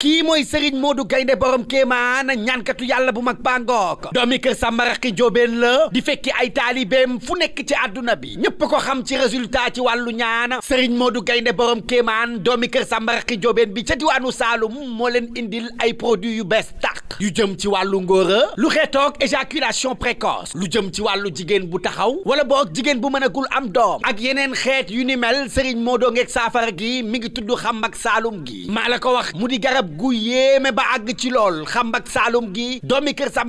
kii mooy Serigne du Gaynde borom kéemaan ñaankatu yàlla bu mag bangook doomi kër Sambaraqi Jóobeen la di fekki ay taalibeem fu nekk ci àdduna bi ñépp ko xam ci résultat ci wàllu ñaan Serigne Modou Gaynde borom kemaan doomi kër Sambaraqi Jóobeen bi ca diwaanu Saalum moo leen indil ay produits yu bees tàq yu jëm ci wàllu ngóora lu xeetoog éjaculation précoce lu jëm ci wàllu jigéen bu taxaw wala boog jigéen bu mënagul am doom ak yeneen xeet yu ni mel Serigne Modou saafara gi mi ngi tudd xam ak Saalum gi gu yéeme ba àgg ci lool xam ak saalum gi domi kër sa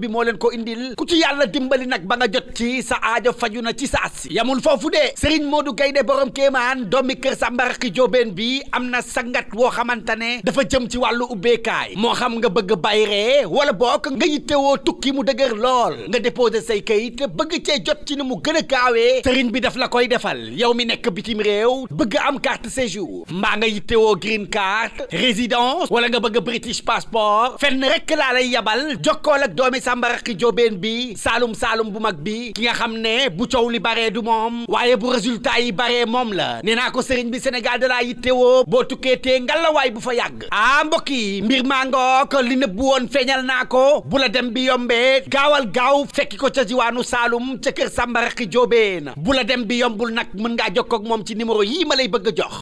bi moo leen ko indil ku ci yàlla dimbali nag ba nga jot ci sa aajo faju na ci saasi yamul foofu de Serigne Modou gayde borom kéemaan domi kër sa bi amna na sangat woo xamante ne dafa jëm ci wàllu ubbeekaay moo xam nga bëgg bayree wala bokk nga yittewoo tukki mu dëgër lool nga déposé say kayit bëgg cee jot ci ni mu gën a Serigne bi daf la koy defal yow mi nekk bitim réew bëgg am carte séjour mbaa nga yittewoo green card résident France wala nga bëgg British passport fenn rek laa lay yabal jokkool ak doomi sàmbaraki jobeen bi saalum saalum bu mag bi ki nga xam ne bu coow li baree du moom waaye bu résultat yi baree moom la nee naa ko sëriñ bi Sénégal dala laa yittewoo boo tukkee tee ngalawaay bu fa yàgg ah mbokk yi mbir maa ngook li nëbbu woon feeñal naa ko bu la dem bi yombe gaawal gaaw fekki ko ca jiwaanu saalum ca kër sàmbaraki jóbeen bu la dem bi yombul nag mën nga jokkoo moom ci numéro yii ma lay bëgg a jox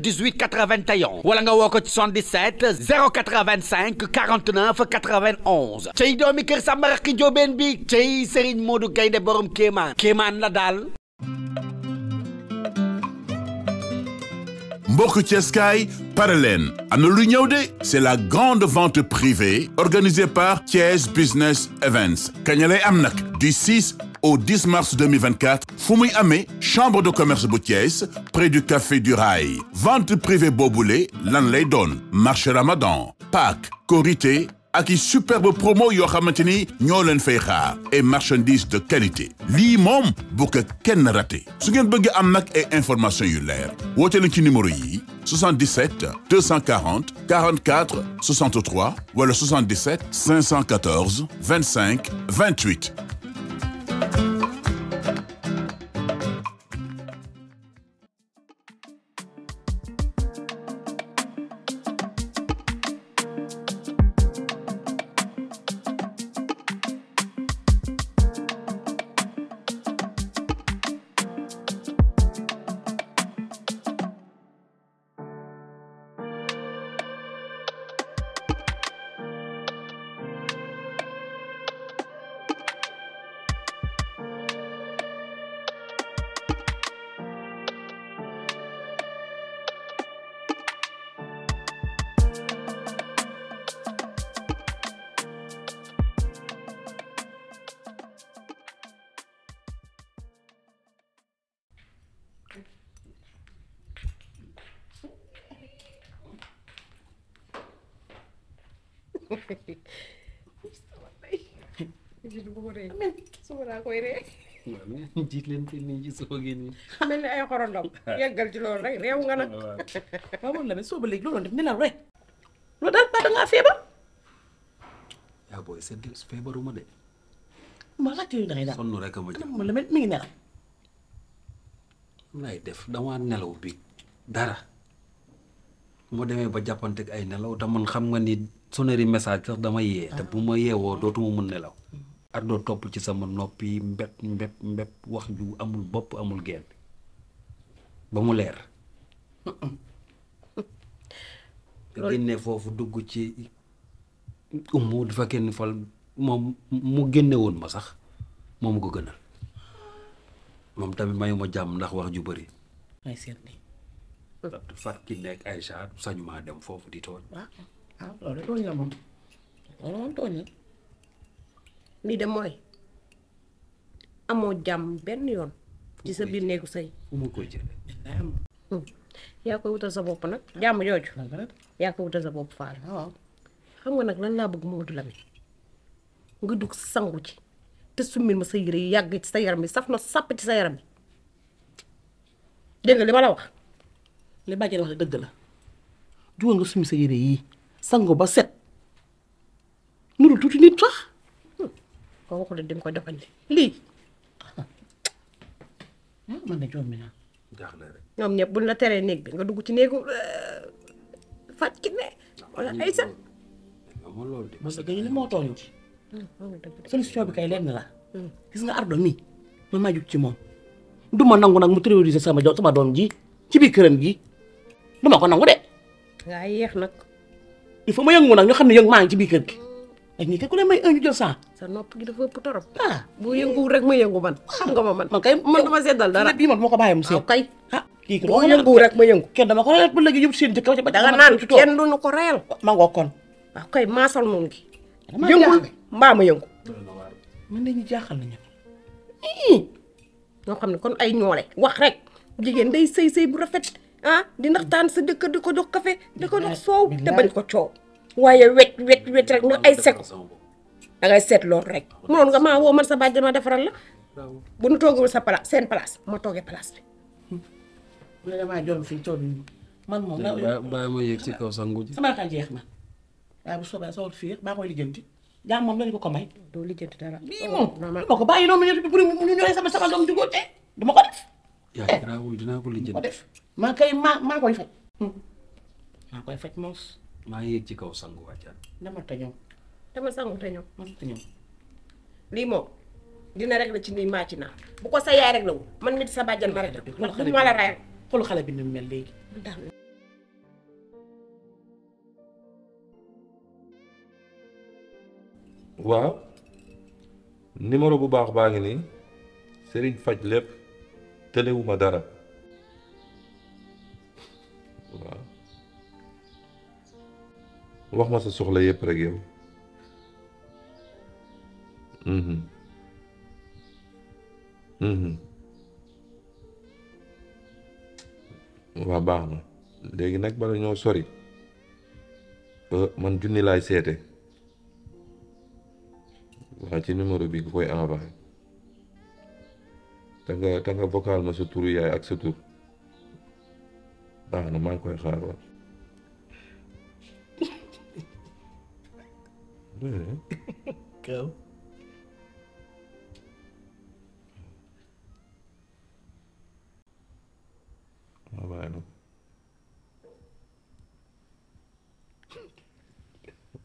78 81 wala nga woo ko ci 77 085 49 91 cey doomi kër Samba Rakki Njoobeen bi cey Serigne Modou Gaynde borom Kéemaan Kéemaan la daal mbokk Ceeskaay pare À c'est la grande vente privée organisée par Thiès Business Events Kanyale Amnak du 6 au 10 mars 2024 Fumi ame, chambre de commerce Boutiès, près du café du Rail vente privée Boboulé, lan lay marché Ramadan Pâques Korité a qui superbe promo yo xamanteni ñoo leen fay xaar et marchandise de qualité lii moom bu ko kenn raté su ngeen bëgg am nag ay information yu leer woote ci numéro 77 240 44 63 wala 77 514 25 28 jiit leen teel nii ci suba gi nii. mel ni ay xorondom yeggal ci loolu rek réew nga nag. waaw man la mais soo ba léegi loolu def nelaw rek. loolu daal ba da ngaa feebar. yaa booy seen feebaruma de. ma laajte yu da ngay daal sonn rek ma jëm man la mi ngi nelaw. lay def damaa nelaw bi dara. moo demee ba jàppanteeg ay nelaw te man xam nga ni. soneri message sax dama yé té ah. bu ma dotu mu mun nelaw ar do top ci sama nopi, mbépp mbépp mbépp wax ju amul bop amul genn ba mu lèr gënné fofu dugg ci umu dafa kenn fal mom mu gënné won ma sax mom ko gënal mom tamit mayuma jam ndax wax ju ni fat ki nek Aïcha sañuma dem fofu di tooñ ah. ah lii de mooy amoo jàmm benn yoon ci sa biir néegu sëy hmm. yaa koy wutal sa bopp nag jàmm jooju yaa koy wutal sa bopp faal ah, xam nga nag lan laa bëgg Mamadou Lamine nga dugg sangu ci te summil ma sa yére yi yàgg ci sa yaram bi saf na sàpp ci sa yaram bi dégg nga li ma la wax li wax dëgg la jugal nga summi sa yére yii sangu ba set mudu tuti nit sax ko de dim ko defal li man na jommi mina jaax na rek ñom ñep buñ la téré neeg bi nga dugg ci neegu fat ki ne wala ay sa amul loolu de sa gañu li mo toñ ci solution bi kay lenn la gis nga ardo mi man ma juk ci mom duma ma nangu nak mu terroriser sama sama dom ji ci bi kërëm gi duma ko nangu de nga yeex nak il faut ma yëngu nag ñu xam ne yëngu maa ngi ci biir kër a ak ñi ku ne may un ñu jël cent. nopp gi dafa ëpp torop. Ah. bu yënguwul rek ma yëngu man. Ah. xam nga ma man man kay man dama dara. bii man ma ko bàyyi mu seet. Ah, kay ah kii boo rek ma yëngu. kenn dama ko reyal ba léegi yëpp seen jëkkër ba. danga naan kenn duñu ko reyal. ma ngoo kon. waaw kay maasal noonu gi. yëngul mbaa ma yëngu. man dañu jaaxal nañu. ñoo xam ne kon ay ñoole. wax rek jigéen day sëy sëy bu rafet ah di naxtaan sa dëkk di ko dox café di ko dox soow te bañ ko coow waaye ya, wet wet wet rek nu ay seko da ngay seet loolu rek mënoon nga maa woo man sa bàjj ma defaral la bu nu toogul sa place seen place ma toogee place bi. bu dama jom fi toog man moom. bàyyi ma yëg ci kaw sangu ji. sama xal jeex na waaye bu soobee sawul fii baa koy lijjanti jaa moom lañu ko ko may. do lijjanti dara. bii moom ma ko bàyyi noonu ñu ñu ñëwee sama sama doom duggoon te du ko def. yaa ngi eh. raawul dinaa ko lijjanti. maa koy maa maa koy faj. Hmm. maa koy faj moos. maa yéeg ci kaw sangu wàccaan. dama ta ñëw. dama sangu ta ñëw. dama ta ñëw. lii moom dina rek la ci nii màcc naa bu ko sa yaay rek la wu man mi di sa bàjjan ma rek la ndax du ma la rayal. xool xale bi ni mu mel léegi. waaw numéro bu baax baa ngi nii Serigne faj lépp. tëlewuma dara waaw wax ma sa soxla yëpp rek yow mhm. mhm. waa baax na léegi nag bala ñoo sori man junni laay seete waa ci numéro bi nga koy envoyé te nga te nga vocal ma sa yaay ak sa tur baax na maa ngi koy xaar waat. kaw. ma na.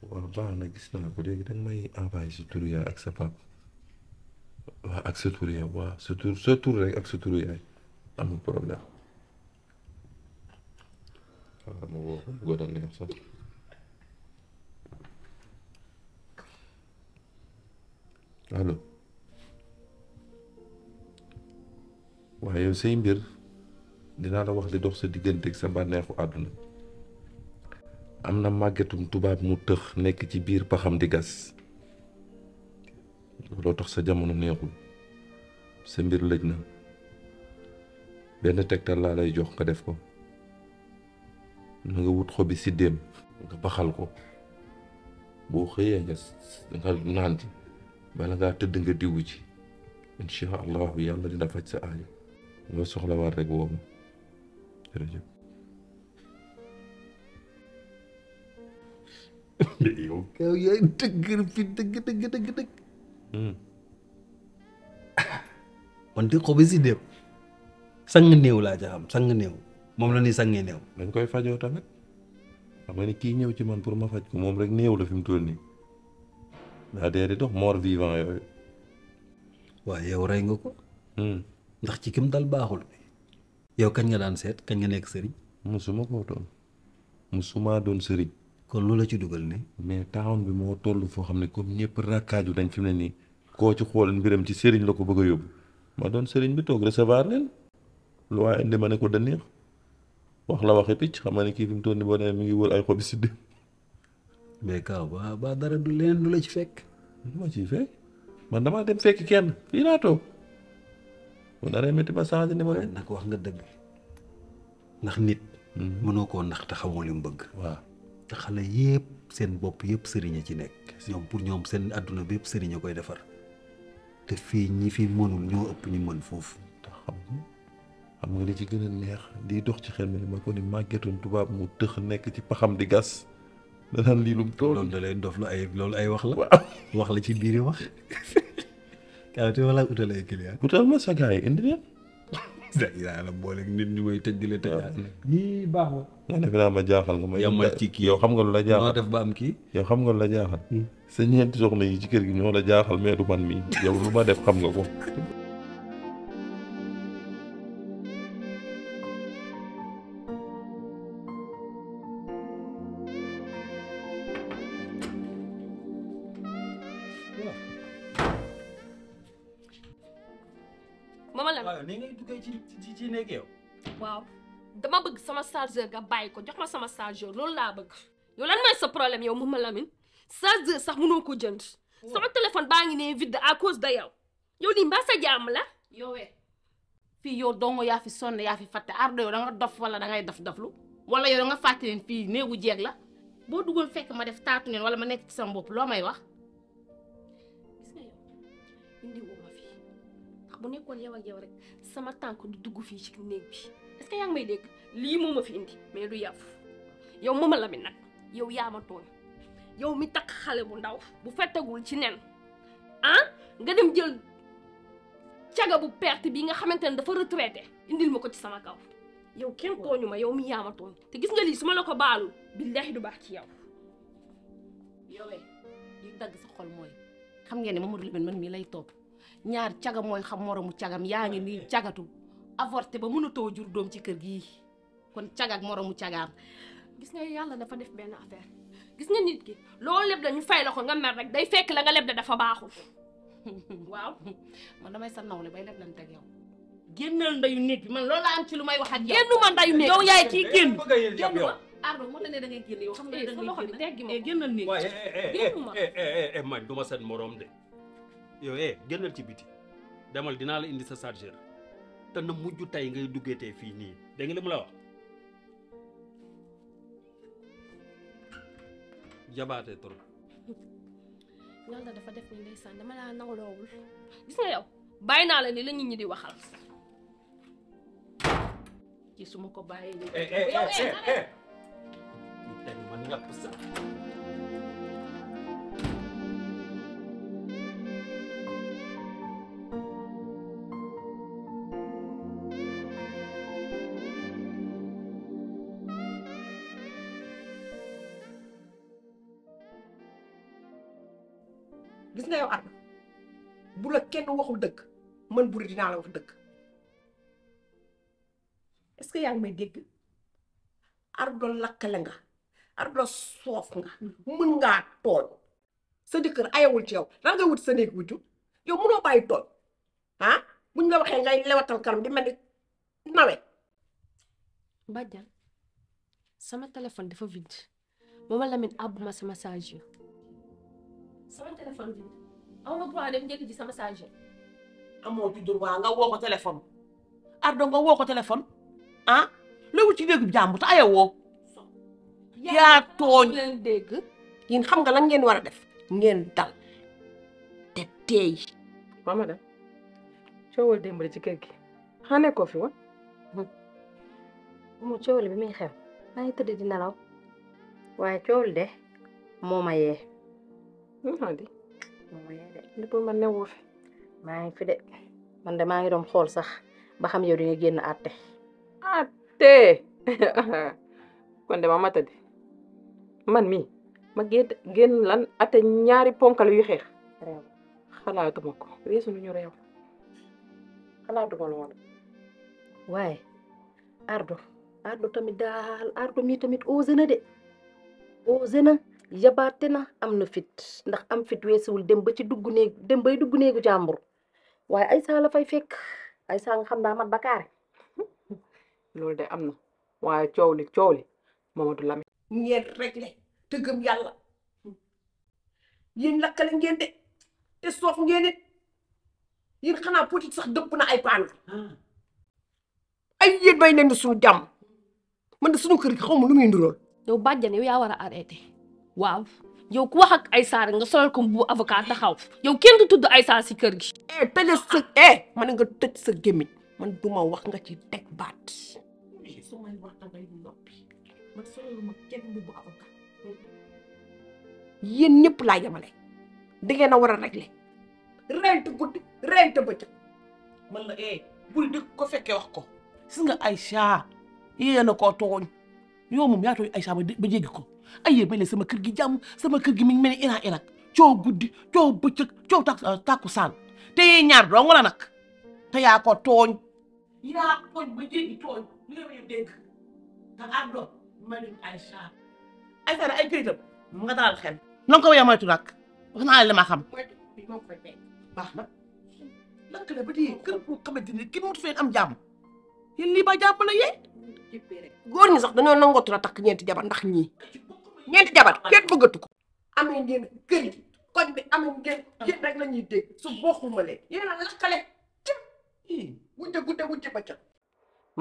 waaw baax na gis naa ko léegi danga may envoyé sa turu yaay ak sa acceptul eu, wow, acceptul, sătul acceptul ei. Am un problem. Nu vă godam să. Alo. waaye yow say mbir dinaa la wax li dox sa diggante ak sa bànneexu àdduna am na màggetum tubaab mu tëx nekk ci biir paxam di gas looloo tax sa jamono neexul sa mbir lëj na benn tegtal laa lay jox nga def ko na nga wut xobi dem nga baxal ko boo xëyee nga nga naan ci bala ngaa tëdd nga diwu ci incha allahu yàlla dina faj sa nga soxla soxlawaat rek woo ma jërëjëf mais yow yow yaay fi dëgg dëgg dëgg dëgg hmm. wante bi si dépp sang néew laa ca xam sang néew moom la ni sangee néew. dañ koy fajoo tamit xam nga ni kii ñëw ci man pour ma faj ko moom rek néew la fi mu toll nii daa dee di dox mort vivant yooyu. waaw yow rey nga ko. Hmm. ndax ci kim dal baaxul. yow kañ nga daan seet kañ nga nekk sëriñ. musuma koo doon musuma doon sëriñ. kon lu la ci dugal ne. mais taawon bi moo tollu foo xam ne comme ñëpp rakkaaju dañ fi mu ne nii koo ci xool mbiram ci sëriñ la ko bëgg a yóbbu. ma doon sëriñ bi toog recevoir leen lu waaye indi ma ne ko daneex wax la waxe picc xam nga ne kii fi mu toll nii boo nee mi ngi wër ay xobi siddi mais kaaw ba ba dara du leen lu la ci fekk lu ma ciy fekk man dama dem fekk kenn fii laa toog bu naree métti ma changé numéro nag wax nga dëgg ndax nit mënoo hmm. koo nax te xamul yum bëgg waaw te xale yépp seen bopp yépp sëriñ ci nekk ñoom pour ñoom seen àdduna bi yépp sëriñ koy defar te fii ñi fi mënul ñoo ëpp ñu mën foofu. te xam nga li ci gën a neex di dox ci xel mi ma ko ni màggetuñ tubaab mu tëx nekk ci paxam di gas da daan lii lum tool loolu da lay dof ay loolu ay wax la. wax la ci biir i wax. yaa ngi wala utal ay client. utal ma sagaa yi indi leen. daa la boole nit ñi may tëj di la tëj. Ah. yii baax ma. yaa naa ma jaaxal nga ma. yammal ci kii yow xam nga lu la jaaxal. def ba kii. yow lu la jaaxal. Hmm. sa ñeenti soxna yi ci kër gi ñoo la jaaxal mais du man mii yow lu ma def xam nga ko. chargeur nga bàyyi ko jox ma sama chargeur loolu laa bëgg yow sa problème yow Mama Lamine chargeur sax mënoo ko jënd sama téléphone baa ngi ne vide à cause de yow yow nii mbaa sa jàmm la yowee eh. fii yow dongo yaa fi sonn yaa fi fàtte ardo yow da dof wala dangay ngay dof doflu wala yow nga fàtte leen fii néegu jeeg la boo duggoon fekk ma def taatu neen wala ma nekk ci sama bopp loo may wax indi woo ma fii ak yow rek sama tànk du dugg fii ci néeg bi est yaa ngi may dégg lii moom ma fi indi mais du yàfu yow la mi nag yow yaa ma tooñ yow mi takk xale bu ndaw bu fettagul ci nen ah nga dem jël caga bu perte bi nga xamante ne dafa retraité indil ma ko ci sama kaw yow kenn ñu ma yow mi yaa te gis nga lii su ma la ko baalul billahi du baax ci yow yowee li dagg sa xol mooy xam ngeen ne Mamadou ma man mii lay topp ñaar caga mooy xam mu cagam yaa ngi nii cagatu avorté ba mënatoo jur doom ci kër gii kon ak moromu cagaam gis nga yalla dafa def ben affaire gis nga nit ki loolu lepp la ñu fay la ko nga mer rek day fekk la nga lepp dafa baxu waaw man damay sa nawle bay lepp lante tek yow gennal ndayu nit bi man loolu la am ci lu may wax ak yow gennu ma ndayu nit yow yaay ki genn mo ne da ngay yow xam nga eh, da eh, eh, ngay morom eh jabaate trop. ñoom dafa def ni ndeysaan dama laa nawloowul gis nga yow bàyyi naa la ni la ñi di waxal. ci su ma ko bàyyee. Eh, eh, yow eh eh eh. waxul dëgg man buri dinaa la wax dëgg est-ce que yaa ngi may dégg ardo lakkale nga ardo soof nga mën ngaa tooñ sa jëkkër ayewul ci yow lan nga wut sa néeg wujju yow mënoo bàyyi tooñ ah buñ la waxee ngay lewatal kanam di mel nawe Badiane sama téléphone dafa vide mooma Lamine àbbuma sa message yi sama téléphone vide aw ma droit dem njëkk ji sa message amoo ci droit nga woo ko téléphone Ardo nga woo ko téléphone ah loolu ci néegu jàmbur te ayewoo. yaa tooñ leen dégg. yéen xam nga lan ngeen war a def. ngeen tal te teey. mama da coowal ci kër gi xanaa nekkoo fi hmm. mu coowal bi muy xew maa ngi tëdd di nelaw waaye coowal de moo ma yee. moo ma ma newoo maa ngi fi de man de maa ngi doon xool sax ba xam yow di nga génn àtte àtte kon de ma matadi man mi ma génn génn lan àtte ñaari ponkal yu xeex xalaatuma ko weesu nu ñu réew xalaatuma lool waaye ardo ardo tamit daal ardo mii tamit osé na de osé na na am na fit ndax am fit weesuwul dem ba ci dugg néeg dem bay dugg néegu jàmbur waaye ay la fay fekk ay nga xam daa mat bakaare loolu de am na waaye coow li coow li Mamadou Lamine ngeen réglé te gëm yàlla yéen lakkale ngeen de te soof ngeen it yéen xanaa politique sax dëpp na ay paan ay yéen bay leen di suñu jàmm man de suñu kër gi xaw ma lu muy ndurool yow bàjjan yaa war a arrêté waaw yow ku wax ak Aïssa rek nga solal ko mbu avocat taxaw yow kenn du tudd Aïssa ci kër gi. eh tëjal sa eh man nga tecc sa gémmiñ man duma wax nga ci tek bat eh, su may wax dangay noppi man solaluma kenn régler. rent guddi rent man eh bul di ko wax ko. gis nga yow moom yaa tooy Aïcha ba jéggi ko ay yéen may leen sama kër gi jàmm sama kër gi mi ngi mel ni Iran Irak coow guddi coow bëccëg coow takku euh, saan te yee ñaar dong la nag te yaa ko tooñ. yaa tooñ ba jéggi tooñ li nga ma ne ay këyitam mu nga dalal xel. na nga ko la li ma xam. na lakk na di kër boo ni ki mu fee am jàmm yéen lii ba jàmm la yee. goor ñi sax dañoo nangootu la takk ñeenti jabar ndax ñii ñeenti jabar kenn bëggatu ko amee ngeen kër yi koñ bi amee ngeen yéen rek la su bokkumalee yéen a lakkale ba ca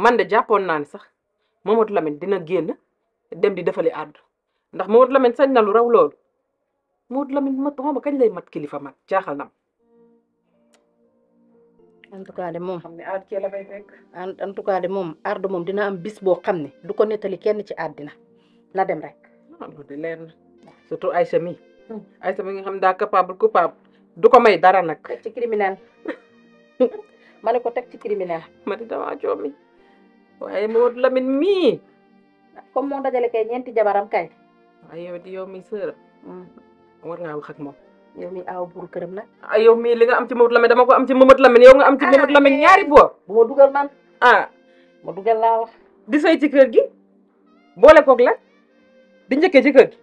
man de jàppoon naa ni sax Mamadou Lamine dina génn dem di defali àddu ndax Mamadou Lamine sañ na lu raw loolu Mamadou Lamine mat xawma kañ lay mat kilifa mat jaaxal na en tout cas de moom xam ne aar ci la tout cas moom ardo moom dina am bis boo xam ne du ko nettali kenn ci àddina la dem rek ah, loolu di leen surtout Aïcha mi Aïcha mi nga xam daa capable coupable du ko may dara nag teg ci criminel ma ne ko teg ci criminel ma di damaa joo mi waaye moo dajale kay ñeenti jabaram kay waaye di yow mi sër mm. war ngaa wax moom yow mi aaw buur këram nag. ah yow mii li nga am ci Mamadou Lamine dama ko am ci Mamadou Lamine yow nga am ci ah, Mamadou Lamine ñaari boor. bu ma dugal man. ah ma dugal laa wax. di sëy ci kër gi boole koog la di njëkkee ci kër gi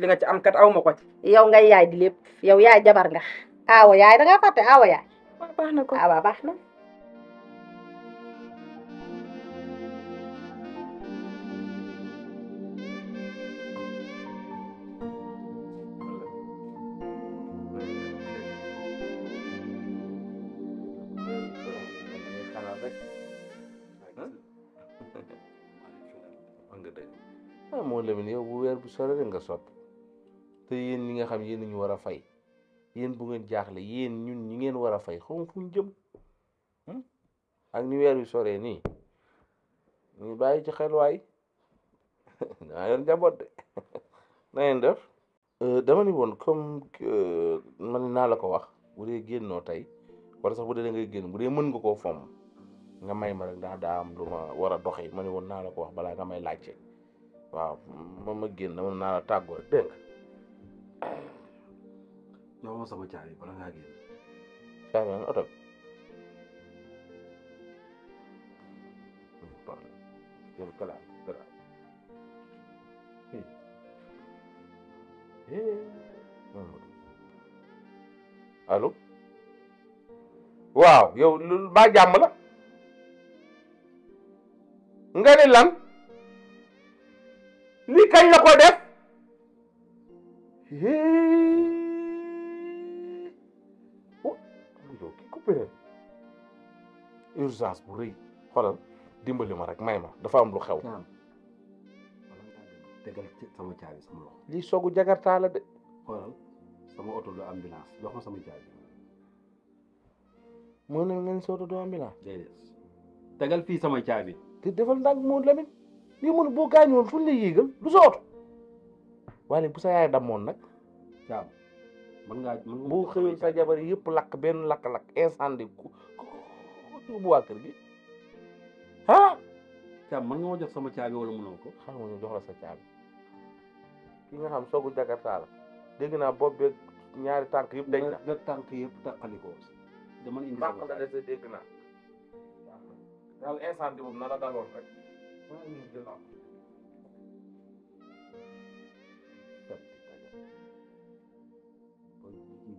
li nga ci am kat aw ma ko ci. yow ngay yaay di lépp yow yaay jabar nga. aawa yaay da ngaa fàtte aawa yaay. waaw ko aawa baax na. ah moo lemin yow bu weer bu sore rek nga soppi te yéen ñi nga xam yéen ñu war a fay yéen bu ngeen jaaxle yéen ñun ñi ngeen war a fay xam fu ñu jëm ak ni weer yu soree nii ñu bàyyi ci xel waay naa de na ngeen def dama ni woon comme man naa la ko wax bu dee génnoo tey wala sax bu dee da ngay génn bu dee mën nga koo fomm nga may ma rek ndax daa am lu ma war a doxee ma ne woon naa la ko wax balaa nga may laajte waaw ma ma génn mën naa la tàggoo rek dégg nga. yow ma sama caabi bala ngaa génn. caabi nga oto bi. yow kalaal kalaal. allo. waaw yow lu baa jàmm la. nga ni lan lii kañ la ko def do ki coupé urgence bu rëy xoolal dimbali ma rek may ma dafa am lu xew tegal sama caabi sama loxo lii soogu jagartaa la de xoolal sama oto du ambulance jox ma sama caabi moo ne ngeen sa oto du ambulance déedéet tegal fii sama caabi te defal ndànk moo Lamine lii mun boo gaañoon fu ñu la yéegal du sa oto waaye léegi bu sa yaay dammoon nag waaw mën ngaa boo xëyoon sa jabar yëpp lakk benn lakk-lakk incendie ku bu waa kër gi ah caab mën nga ma jox sama caabi wala mënoo ko xam nga ñu jox la sa caabi ki nga xam soogu jakarta la dégg naa bopp beeg ñaari tànk yëpp dañ na nga tànk yëpp tàqalikoo dama indi sama dégg naa daal incendie boobu na la daloon rek mën nañu jël am.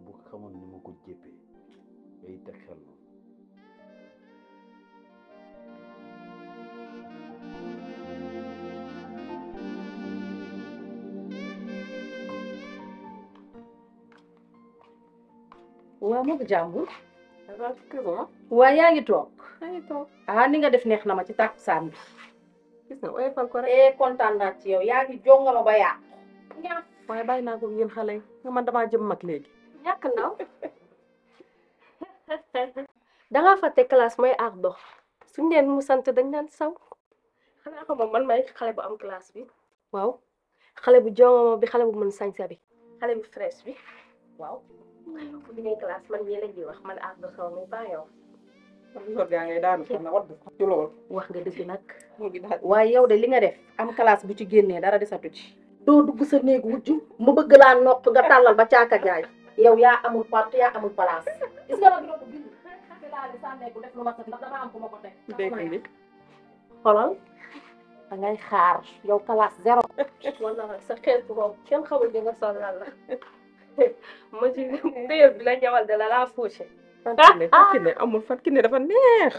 bu xamoon ni ma ko jéppee day teg xel moom. waaw moo ko jàmbur. waaw yaa ngi toog. xëy toog ah ni nga def neex na ma ci tàkkusaan bi. gis nga oyofal ko eh, kontaan naa ci yow yaa ngi jonga ba yàqu. waaye bàyyi naa ko yéen xale yi man damaa jëm mag léegi. ñàkk ndaw dangaa fàtte classe mooy aar dox suñ leen mu sant dañ naan saw xanaa xam man may xale bu am classe bi waaw xale bu jongoma bi xale bu mën sañsa bi xale bu fresh bi waaw ni ngay classe man mii la ñuy wax man aar dox sama muy yow jour gaa ngay daanu xam na wat ci lool wax nga dëgg nag waaye yow de li nga def am classe bu ci génnee dara desatu ci doo dugg sa néeg wujj mu bëgg laa nopp nga tàllal ba caaka iya, jaay yow yaa amul part yaa amul place gis nga nag loolu bi xolal da ngay xaar yow classe zéro wala sa xel bu moom kenn xamul li nga sol lan la ma ci déer bi la ñawal de la laa fauché Fatou Kiné amul Fatou Kiné dafa neex.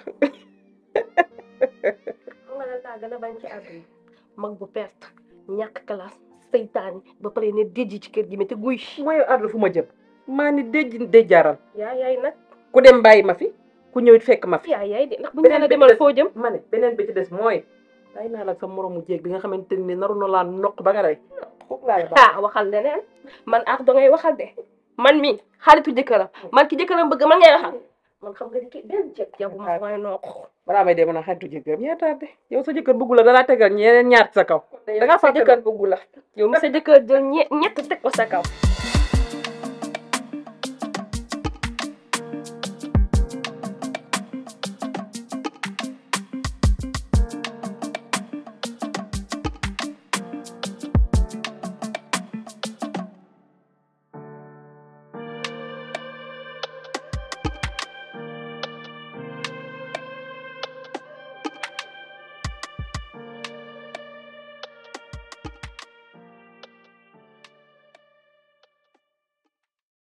xam nga lan laa gën a bañ ci àdduna mag bu perte ñàkk classe seytaane ba pare ne déjji ci kër gi te guy. mooy àdduna fu ma jëm maa ni déjji déjjaaral. yaa yaay nag ku dem bàyyi ma fi ku ñëw it fekk ma fi. yaa yaay de ndax bu ñu la demal foo jëm. ma ne beneen bi ci des mooy. bàyyi naa la sa moromu jéeg bi nga xamante naru na laa nokk ba nga rey. ah waxal leneen man aku dangay waxal de. man mi xaritu jëkkëram man ki jëkkëram bëgg man ngay waxal man xam nga ni kii benn jëkk yow ma may noo ko balaa may dee mën a xaritu jëkkëram yaa tardé yow sa jëkkër bëggu la dalaa tegal ñeneen ñaar sa kaw da ngaa sa jëkkër bëggu la yow mi sa jëkkër jël ñett teg ko sa kaw